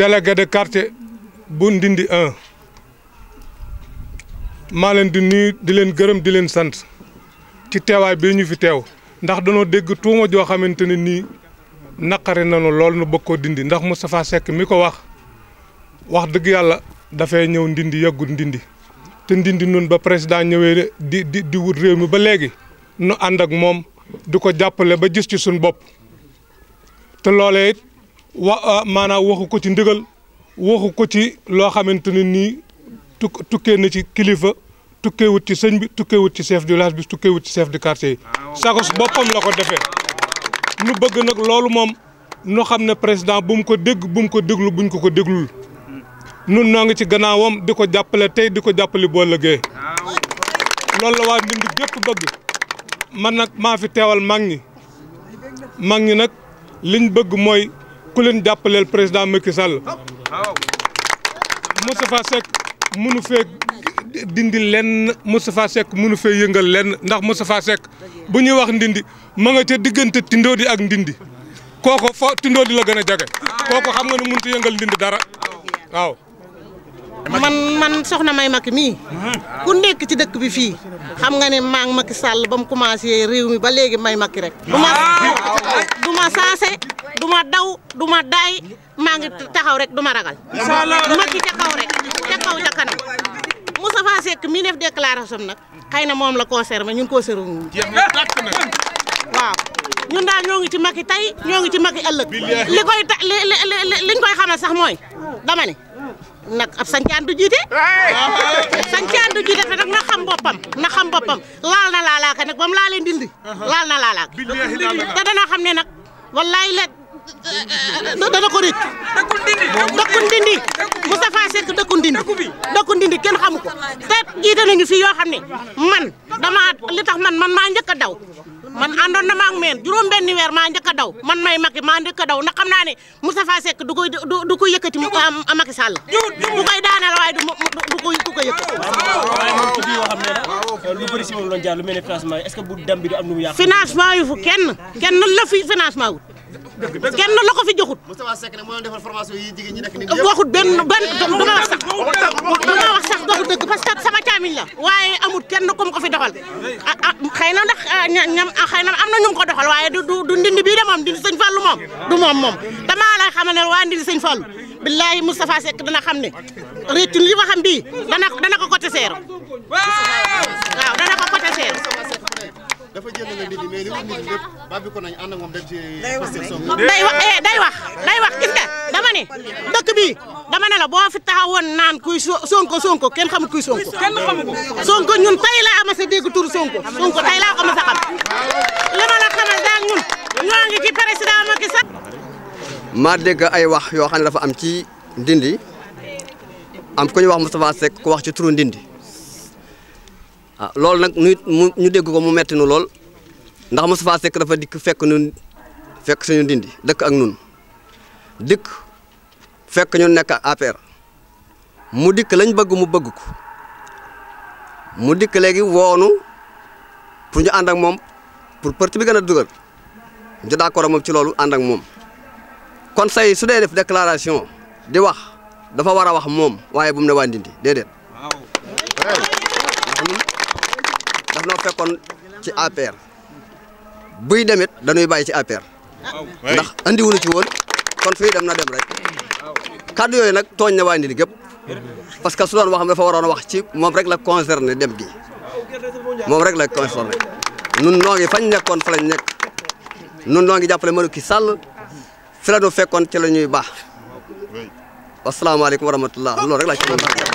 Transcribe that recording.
délégué de quartier bu Ndindi 1 ma len di nuy di len gërëm di len sant ci téway bi ñu fi téw ndax dañu dégg tuuma jo xamanteni ni nakari naqari nanu lool nu bëkko dindi ndax Moustapha Seck mi ko wax wax dëgg da fay ñëw ndindi yagu ndindi té ndindi nun ba président ñëwee di di di wut réew mi ba légui nu and ak mom di jappalé ba gis ci suñu bop té lolé it wa ah, maanaam waxu ko ci ndigal waxu ko ci loo xamante ne nii tuk tukkee na ci kilifa tukkee wut ci sëñ bi tukkee wut ci seef du village bi tukkee wut ci chef du quartier yi sagos boppam la ko defee nu bëgg nag loolu moom nu xam ne président bu ko dégg bum ko déglu buñ ko ko déglul nun noo ngi ci gannaawam di ko jàppale tey di ko jàppale boo lëggee loolu la waa Ndindi gépp bëgg man nag maa fi teewal mag ñi mag ñi nag liñ bëgg mooy ku leen jàppaleel président Macky Sall Moustapha Seck mënu fee dindi lenn Moustapha Seck mënu fee yëngal lenn ndax Moustapha Seck bu ñuy wax ndindi ma nga ca diggante Tindodi ak ndindi kooko fo Tindodi la gën a jage kooko xam nga ne mënut a yëngal ndindi dara waaw man man soxna May Macky mii hmm. ku nekk ci dëkk bi fii xam nga ne maa ngi Macky ba mu commencé réew mi ba léegi May makki rek. du ma ah. du ma saase du ma daw du daay maa ngi taxaw rek du ma ragal. incha allah Macky ca kaw rek ca kaw ca kanam Moustapha Seck mii def nag xëy na moom la concerné ñun concerné wu ñu. ñun daal ñoo ngi ci Macky tey ñoo ngi ci Macky ëllëg. li koy ta li li liñ koy xamal sax mooy dama ne. nag ab sancaan du jiite sancaan du jiite te na xam boppam na xam boppam laal na laalaaka nag ba mu laalee ndindi uh-huh. laal na laalaaka te dana xam ne nag wallaay la dana ko rëcc dëkku ndindi Moustapha Seck dëkku ndindi dëkku ndindi kenn xamu ko te jiite nañu fi yoo xam ne man dama li tax man man maa njëkk a daw man àndoon na ma ak meen juróom-benni weer maa njëkk daw man may Macky maa njëkk a daw ndax xam naa ne Moustapha sekk du koy du ko yëkkati mu ko am Macky Sall du koy daaneel waaye du ko du ko yëkkati. waaye moom ci xam ne lu bëri si moom la ñu jaar lu mel ne financement dem bi am financement yu fu kenn kenn la fi financement wut. kenn la ko fi joxut. Moustapha Seck nag moo leen defal formation benn benn du ma wax du ma wax sax doxu dëgg parce waaye amut kenn ku mu ko fi doxal ah, ah, xëy na ndax ah, ñam xëy na am na ñu ko doxal waaye du du ndindi bii de moom ndindi sëñ Fallou moom du moom moom damaa la xamal ne waa ndindi sëñ Fallou billahi Moustapha Seck dana xam ne réccu li waxam bii dana dana ko côté seer waaw dana ko côté seer génn nga nit ñi mais li mu mën lépp eh, day wax day wax day dama ne dëkk bii dama ne boo fi taxawoon naan kuy sonko sonko kenn xamul kuy sonko. sonko ñun tey laa ama sa dégg tur sonko sonko tey laa ama sa xam li ma daal ñun ñoo ngi ci président Macky Sall. maa dégg ay wax yoo xam ne dafa am ci ndindi am ku wax mu Moustapha Seck ku wax ci turu ndindi ah loolu nag ñu ñu dégg ko mu metti nu lool. ndax Moustapha sek dafa dik fekk ñun fekk suñu dindi dekk ak ñun dik fekk ñu nek APR mu mudik lañ bëgg mu bëgg ko mu dik legi wonu pour ñu and ak mom pour parti bi gëna duggal ñu d'accord mom ci loolu and ak mom kon say su def déclaration di wax dafa wara wax mom waye bu mu ne wa dindi waaw daf ci buy demit dañuy bàyyi ci APR ndax andi wuñu ci woon kon fii dem na dem rek kaddu yooyu nak tooñ na waa Ndindi gépp parce que su doon waxam dafa waroon a wax ci moom rek la concerné dem gi moom rek la concerné nun noo fañ nun mënu ki ci rek